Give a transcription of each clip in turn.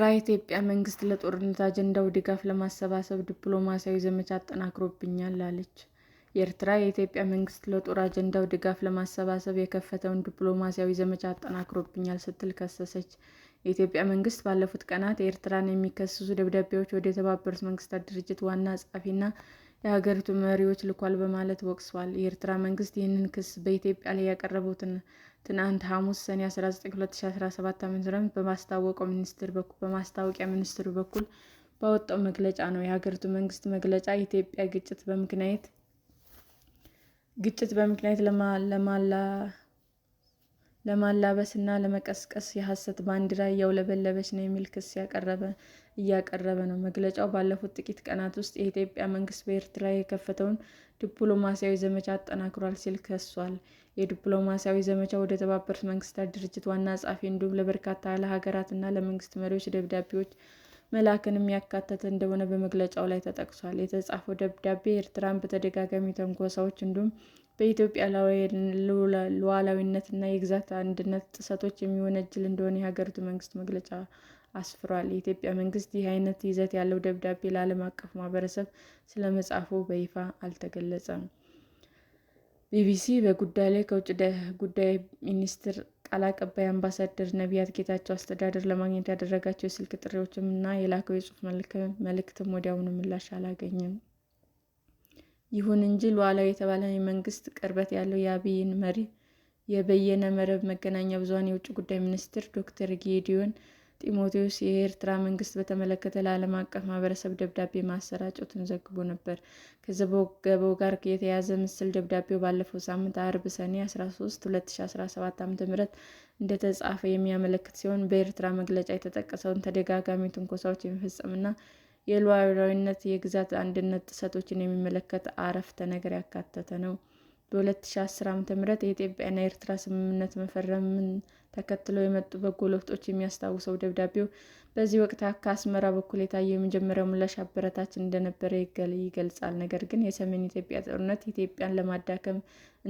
ኤርትራ የኢትዮጵያ መንግስት ለጦርነት አጀንዳው ድጋፍ ለማሰባሰብ ዲፕሎማሲያዊ ዘመቻ አጠናክሮብኛል አለች። ኤርትራ የኢትዮጵያ መንግስት ለጦር አጀንዳው ድጋፍ ለማሰባሰብ የከፈተውን ዲፕሎማሲያዊ ዘመቻ አጠናክሮብኛል ስትል ከሰሰች። የኢትዮጵያ መንግስት ባለፉት ቀናት ኤርትራን የሚከስሱ ደብዳቤዎች ወደ የተባበሩት መንግስታት ድርጅት ዋና ጸሐፊና የሀገሪቱ መሪዎች ልኳል በማለት ወቅሷል። የኤርትራ መንግስት ይህንን ክስ በኢትዮጵያ ላይ ያቀረቡትን ትናንት ሐሙስ ሰኔ 19 2017 ዓ.ም በማስታወቂያ ሚኒስቴር በኩል ባወጣው መግለጫ ነው። የሀገሪቱ መንግስት መግለጫ ኢትዮጵያ ግጭት በምክንያት ለማላ። ለማላበስ እና ለመቀስቀስ የሐሰት ባንዲራ እያውለበለበች ነው የሚል ክስ እያቀረበ ነው። መግለጫው ባለፉት ጥቂት ቀናት ውስጥ የኢትዮጵያ መንግስት በኤርትራ የከፈተውን ዲፕሎማሲያዊ ዘመቻ አጠናክሯል ሲል ከሷል። የዲፕሎማሲያዊ ዘመቻው ወደ ተባበሩት መንግስታት ድርጅት ዋና ጸሐፊ እንዲሁም ለበርካታ ለሀገራትና ለመንግስት መሪዎች ደብዳቤዎች መላክንም ያካተተ እንደሆነ በመግለጫው ላይ ተጠቅሷል። የተጻፈው ደብዳቤ ኤርትራን በተደጋጋሚ ትንኮሳዎች እንዲሁም በኢትዮጵያ ሉዓላዊነትና የግዛት አንድነት ጥሰቶች የሚወነጅል እንደሆነ የሀገሪቱ መንግስት መግለጫ አስፍሯል። የኢትዮጵያ መንግስት ይህ አይነት ይዘት ያለው ደብዳቤ ለዓለም አቀፍ ማህበረሰብ ስለመጻፉ በይፋ አልተገለጸም። ቢቢሲ በጉዳዩ ላይ ከውጭ ጉዳይ ሚኒስቴር ቃል አቀባይ አምባሳደር ነቢያት ጌታቸው አስተዳደር ለማግኘት ያደረጋቸው የስልክ ጥሪዎችም እና የላከው የጽሑፍ መልእክትም ወዲያውኑ ምላሽ አላገኘም። ይሁን እንጂ ሉዓላዊ የተባለ የመንግስት ቅርበት ያለው የአብይን መሪ የበየነ መረብ መገናኛ ብዙኃን የውጭ ጉዳይ ሚኒስትር ዶክተር ጌዲዮን ጢሞቴዎስ የኤርትራ መንግስት በተመለከተ ለዓለም አቀፍ ማህበረሰብ ደብዳቤ ማሰራጨቱን ዘግቦ ነበር። ከዘገባው ጋር የተያያዘ ምስል ደብዳቤው ባለፈው ሳምንት አርብ ሰኔ 13 2017 ዓ.ም እንደተጻፈ የሚያመለክት ሲሆን በኤርትራ መግለጫ የተጠቀሰውን ተደጋጋሚ ትንኮሳዎች የሚፈጽምና የሉዓላዊነት የግዛት አንድነት ጥሰቶችን የሚመለከት አረፍተ ነገር ያካተተ ነው። በ2010 ም የኢትዮጵያና የኤርትራ ስምምነት መፈረምን ተከትለው የመጡ በጎ ለውጦች የሚያስታውሰው ደብዳቤው፣ በዚህ ወቅት ከአስመራ በኩል የታየው የመጀመሪያው ምላሽ አበረታች እንደነበረ ይገልጻል። ነገር ግን የሰሜን ኢትዮጵያ ጦርነት ኢትዮጵያን ለማዳከም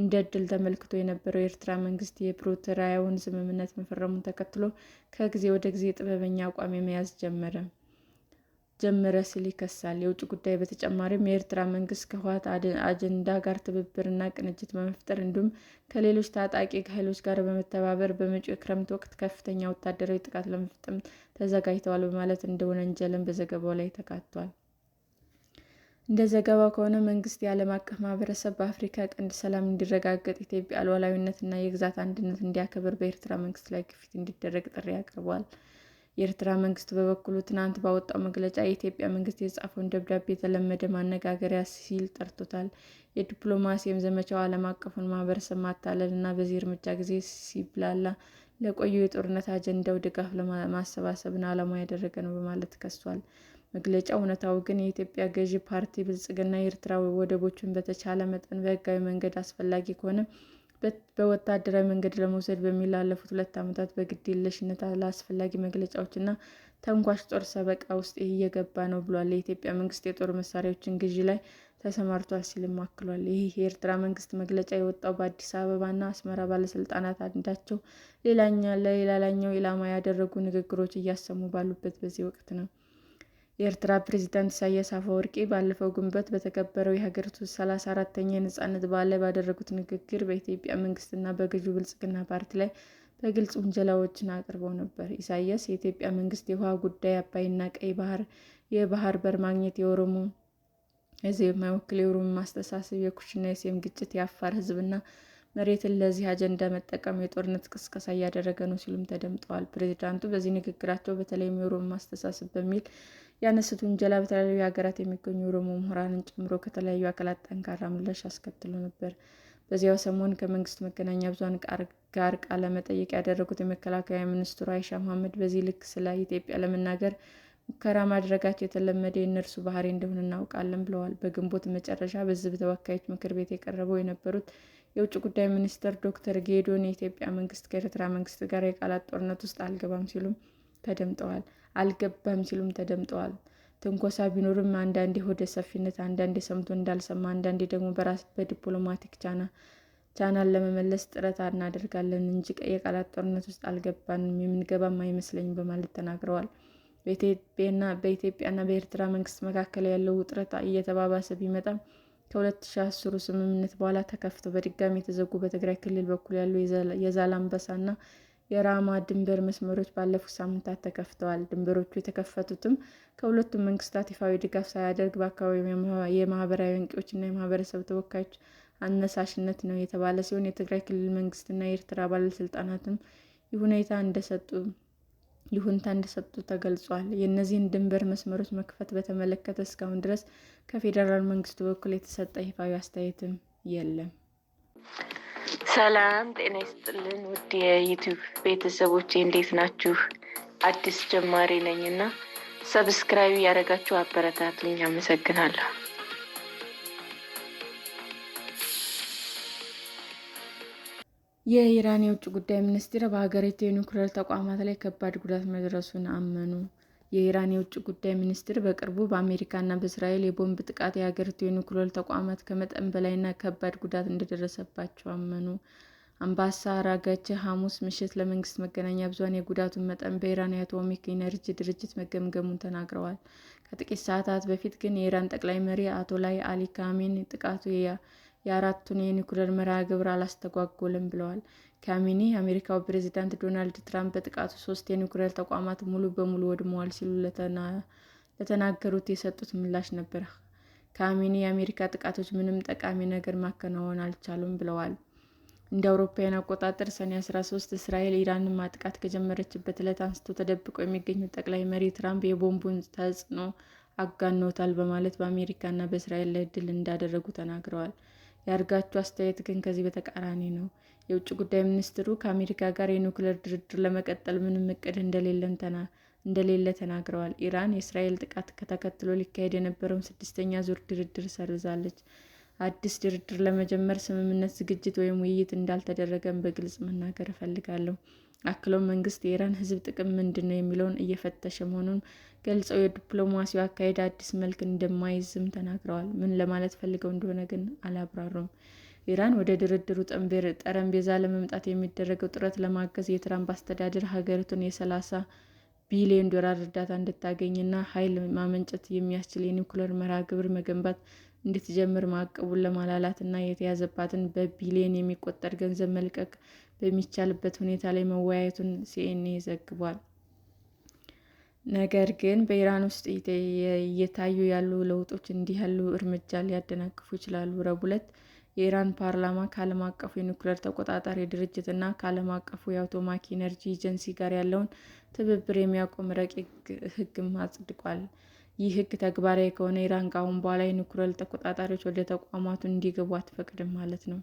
እንደ ድል ተመልክቶ የነበረው የኤርትራ መንግስት የፕሪቶሪያውን ስምምነት መፈረሙን ተከትሎ ከጊዜ ወደ ጊዜ ጥበበኛ አቋም መያዝ ጀመረ። ጀመረ ሲል ይከሳል። የውጭ ጉዳይ በተጨማሪም የኤርትራ መንግስት ከህወሓት አጀንዳ ጋር ትብብርና ቅንጅት በመፍጠር እንዲሁም ከሌሎች ታጣቂ ኃይሎች ጋር በመተባበር በመጪው የክረምት ወቅት ከፍተኛ ወታደራዊ ጥቃት ለመፍጠም ተዘጋጅተዋል በማለት እንደሆነ እንጀለን በዘገባው ላይ ተካቷል። እንደ ዘገባው ከሆነ መንግስት የዓለም አቀፍ ማህበረሰብ በአፍሪካ ቀንድ ሰላም እንዲረጋገጥ፣ ኢትዮጵያ ሉዓላዊነትና የግዛት አንድነት እንዲያከብር በኤርትራ መንግስት ላይ ግፊት እንዲደረግ ጥሪ አቅርቧል። የኤርትራ መንግስት በበኩሉ ትናንት ባወጣው መግለጫ የኢትዮጵያ መንግስት የጻፈውን ደብዳቤ የተለመደ ማነጋገሪያ ሲል ጠርቶታል። የዲፕሎማሲያዊ ዘመቻው ዓለም አቀፉን ማህበረሰብ ማታለል እና በዚህ እርምጃ ጊዜ ሲብላላ ለቆዩ የጦርነት አጀንዳው ድጋፍ ለማሰባሰብን ዓላማ ያደረገ ነው በማለት ከሷል። መግለጫው እውነታው ግን የኢትዮጵያ ገዢ ፓርቲ ብልጽግና የኤርትራ ወደቦችን በተቻለ መጠን በህጋዊ መንገድ አስፈላጊ ከሆነ በወታደራዊ መንገድ ለመውሰድ በሚል ላለፉት ሁለት ዓመታት በግድየለሽነት አላስፈላጊ መግለጫዎችና ተንኳሽ ጦር ሰበቃ ውስጥ እየገባ ነው ብሏል። የኢትዮጵያ መንግስት የጦር መሳሪያዎችን ግዢ ላይ ተሰማርቷል ሲልም አክሏል። ይህ የኤርትራ መንግስት መግለጫ የወጣው በአዲስ አበባና አስመራ ባለስልጣናት አንዳቸው ሌላኛው ለሌላኛው ኢላማ ያደረጉ ንግግሮች እያሰሙ ባሉበት በዚህ ወቅት ነው። የኤርትራ ፕሬዚዳንት ኢሳያስ አፈወርቂ ባለፈው ግንቦት በተከበረው የሀገሪቱ ሰላሳ አራተኛ የነፃነት በዓል ላይ ባደረጉት ንግግር በኢትዮጵያ መንግስትና በገዢው ብልጽግና ፓርቲ ላይ በግልጽ ውንጀላዎችን አቅርበው ነበር። ኢሳያስ የኢትዮጵያ መንግስት የውሃ ጉዳይ፣ አባይና ቀይ ባህር፣ የባህር በር ማግኘት፣ የኦሮሞ ህዝብ የማይወክል የኦሮሞ ማስተሳሰብ፣ የኩሽና የሴም ግጭት፣ የአፋር ህዝብና መሬትን ለዚህ አጀንዳ መጠቀም የጦርነት ቅስቀሳ እያደረገ ነው ሲሉም ተደምጠዋል። ፕሬዚዳንቱ በዚህ ንግግራቸው በተለይም የኦሮሞ አስተሳሰብ በሚል ያነሱት ውንጀላ በተለያዩ ሀገራት የሚገኙ የኦሮሞ ምሁራንን ጨምሮ ከተለያዩ አካላት ጠንካራ ምላሽ አስከትሎ ነበር። በዚያው ሰሞን ከመንግስት መገናኛ ብዙሃን ጋር ቃለ መጠይቅ ያደረጉት የመከላከያ ሚኒስትሩ አይሻ መሐመድ በዚህ ልክ ስለ ኢትዮጵያ ለመናገር ሙከራ ማድረጋቸው የተለመደ የእነርሱ ባህሪ እንደሆነ እናውቃለን ብለዋል። በግንቦት መጨረሻ በሕዝብ ተወካዮች ምክር ቤት የቀረበው የነበሩት የውጭ ጉዳይ ሚኒስትር ዶክተር ጌዶን የኢትዮጵያ መንግስት ከኤርትራ መንግስት ጋር የቃላት ጦርነት ውስጥ አልገባም ሲሉም ተደምጠዋል አልገባም ሲሉም ተደምጠዋል። ትንኮሳ ቢኖርም አንዳንዴ ሆደ ሰፊነት፣ አንዳንዴ ሰምቶ እንዳልሰማ፣ አንዳንዴ ደግሞ በራስ በዲፕሎማቲክ ቻናን ለመመለስ ጥረት እናደርጋለን እንጂ የቃላት ጦርነት ውስጥ አልገባንም የምንገባም አይመስለኝም በማለት ተናግረዋል። በኢትዮጵያና በኤርትራ መንግስት መካከል ያለው ውጥረት እየተባባሰ ቢመጣም ከ2010ሩ ስምምነት በኋላ ተከፍተው በድጋሚ የተዘጉ በትግራይ ክልል በኩል ያሉ የዛላምበሳና የራማ ድንበር መስመሮች ባለፉት ሳምንታት ተከፍተዋል። ድንበሮቹ የተከፈቱትም ከሁለቱም መንግስታት ይፋዊ ድጋፍ ሳያደርግ በአካባቢው የማህበራዊ አንቂዎችና የማህበረሰብ ተወካዮች አነሳሽነት ነው የተባለ ሲሆን የትግራይ ክልል መንግስትና የኤርትራ ባለስልጣናትም ይህ ሁኔታ እንደሰጡ ይሁንታ እንደሰጡ ተገልጿል። የእነዚህን ድንበር መስመሮች መክፈት በተመለከተ እስካሁን ድረስ ከፌዴራል መንግስቱ በኩል የተሰጠ ይፋዊ አስተያየትም የለም። ሰላም ጤና ይስጥልን ውድ የዩቱብ ቤተሰቦች እንዴት ናችሁ? አዲስ ጀማሪ ነኝ እና ሰብስክራይብ ያደረጋችሁ ልኝ አመሰግናለሁ። የኢራን የውጭ ጉዳይ ሚኒስትር በሀገሪቱ የኒውክሌር ተቋማት ላይ ከባድ ጉዳት መድረሱን አመኑ። የኢራን የውጭ ጉዳይ ሚኒስትር በቅርቡ በአሜሪካና በእስራኤል የቦምብ ጥቃት የሀገሪቱ የኒውክሌር ተቋማት ከመጠን በላይና ከባድ ጉዳት እንደደረሰባቸው አመኑ። አምባሳ አራግቺ ሐሙስ ምሽት ለመንግስት መገናኛ ብዙኃን የጉዳቱን መጠን በኢራን የአቶሚክ ኢነርጂ ድርጅት መገምገሙን ተናግረዋል። ከጥቂት ሰዓታት በፊት ግን የኢራን ጠቅላይ መሪ አያቶላህ አሊ ካሜኒ ጥቃቱ የአራቱን የኒውክሌር መርሃ ግብር አላስተጓጎልም ብለዋል። ካሚኒ የአሜሪካው ፕሬዚዳንት ዶናልድ ትራምፕ በጥቃቱ ሶስት የኒውክለር ተቋማት ሙሉ በሙሉ ወድመዋል ሲሉ ለተናገሩት የሰጡት ምላሽ ነበር። ካሚኒ የአሜሪካ ጥቃቶች ምንም ጠቃሚ ነገር ማከናወን አልቻሉም ብለዋል። እንደ አውሮፓውያን አቆጣጠር ሰኔ 13 እስራኤል ኢራንን ማጥቃት ከጀመረችበት ዕለት አንስቶ ተደብቆ የሚገኙት ጠቅላይ መሪ ትራምፕ የቦምቡን ተጽዕኖ አጋኖታል በማለት በአሜሪካና በእስራኤል ላይ ድል እንዳደረጉ ተናግረዋል። ያድርጋችሁ። አስተያየት ግን ከዚህ በተቃራኒ ነው። የውጭ ጉዳይ ሚኒስትሩ ከአሜሪካ ጋር የኑክሌር ድርድር ለመቀጠል ምንም እቅድ እንደሌለ ተናግረዋል። ኢራን የእስራኤል ጥቃት ተከትሎ ሊካሄድ የነበረውን ስድስተኛ ዙር ድርድር ሰርዛለች። አዲስ ድርድር ለመጀመር ስምምነት ዝግጅት ወይም ውይይት እንዳልተደረገም በግልጽ መናገር እፈልጋለሁ። አክሎ መንግስት የኢራን ህዝብ ጥቅም ምንድን ነው የሚለውን እየፈተሸ መሆኑን ገልጸው የዲፕሎማሲው አካሄድ አዲስ መልክ እንደማይዝም ተናግረዋል። ምን ለማለት ፈልገው እንደሆነ ግን አላብራሩም። ኢራን ወደ ድርድሩ ጠረጴዛ ለመምጣት የሚደረገው ጥረት ለማገዝ የትራምፕ አስተዳደር ሀገሪቱን የሰላሳ ቢሊዮን ዶላር እርዳታ እንድታገኝና ኃይል ማመንጨት የሚያስችል የኒውክሌር መርሃ ግብር መገንባት እንድትጀምር ማዕቀቡን ለማላላት እና የተያዘባትን በቢሊዮን የሚቆጠር ገንዘብ መልቀቅ በሚቻልበት ሁኔታ ላይ መወያየቱን ሲኤንኤ ዘግቧል። ነገር ግን በኢራን ውስጥ እየታዩ ያሉ ለውጦች እንዲህ ያሉ እርምጃ ሊያደናቅፉ ይችላሉ። ረቡዕ ዕለት የኢራን ፓርላማ ከዓለም አቀፉ የኒውክሌር ተቆጣጣሪ ድርጅት እና ከዓለም አቀፉ የአቶማክ ኢነርጂ ኤጀንሲ ጋር ያለውን ትብብር የሚያቆም ረቂቅ ሕግም አጽድቋል። ይህ ህግ ተግባራዊ ከሆነ ኢራን ከአሁን በኋላ የኒኩለር ተቆጣጣሪዎች ወደ ተቋማቱ እንዲገቡ አትፈቅድም ማለት ነው።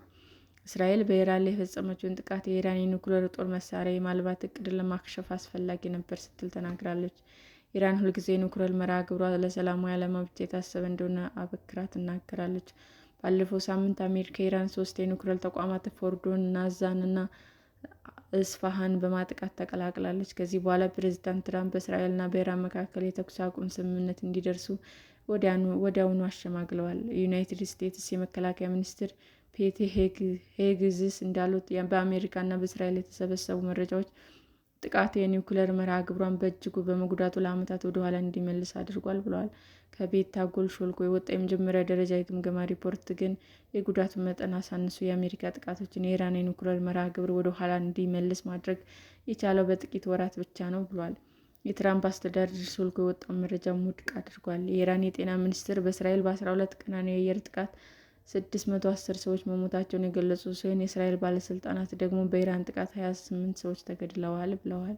እስራኤል በኢራን ላይ የፈጸመችውን ጥቃት የኢራን የኒኩለር ጦር መሳሪያ የማልባት ዕቅድን ለማክሸፍ አስፈላጊ ነበር ስትል ተናግራለች። ኢራን ሁልጊዜ የኒኩለር መርሃ ግብሯ ለሰላማዊ ዓላማ ብቻ የታሰበ እንደሆነ አበክራ ትናገራለች። ባለፈው ሳምንት አሜሪካ ኢራን ሶስት የኒኩለር ተቋማት ፎርዶን፣ ናዛን እና እስፋሃን በማጥቃት ተቀላቅላለች። ከዚህ በኋላ ፕሬዚዳንት ትራምፕ በእስራኤልና በኢራን መካከል የተኩስ አቁም ስምምነት እንዲደርሱ ወዲያውኑ አሸማግለዋል። ዩናይትድ ስቴትስ የመከላከያ ሚኒስትር ፔቲ ሄግዝስ እንዳሉት በአሜሪካና በእስራኤል የተሰበሰቡ መረጃዎች ጥቃቱ የኒውክሌር መርሃ ግብሯን በእጅጉ በመጉዳቱ ለዓመታት ወደ ኋላ አድርጓል ብለዋል። ከቤት ታጎል ሾልኮ የወጣ የመጀመሪያ ደረጃ የግምገማ ሪፖርት ግን የጉዳቱን መጠን አሳንሶ የአሜሪካ ጥቃቶችን የኢራን የኒውክለር መርሃ ግብር ወደ ኋላ እንዲመልስ ማድረግ የቻለው በጥቂት ወራት ብቻ ነው ብሏል። የትራምፕ አስተዳደር ሾልኮ የወጣውን መረጃ ውድቅ አድርጓል። የኢራን የጤና ሚኒስቴር በእስራኤል በ12 ቀናት የአየር ጥቃት 610 ሰዎች መሞታቸውን የገለጹ ሲሆን የእስራኤል ባለስልጣናት ደግሞ በኢራን ጥቃት 28 ሰዎች ተገድለዋል ብለዋል።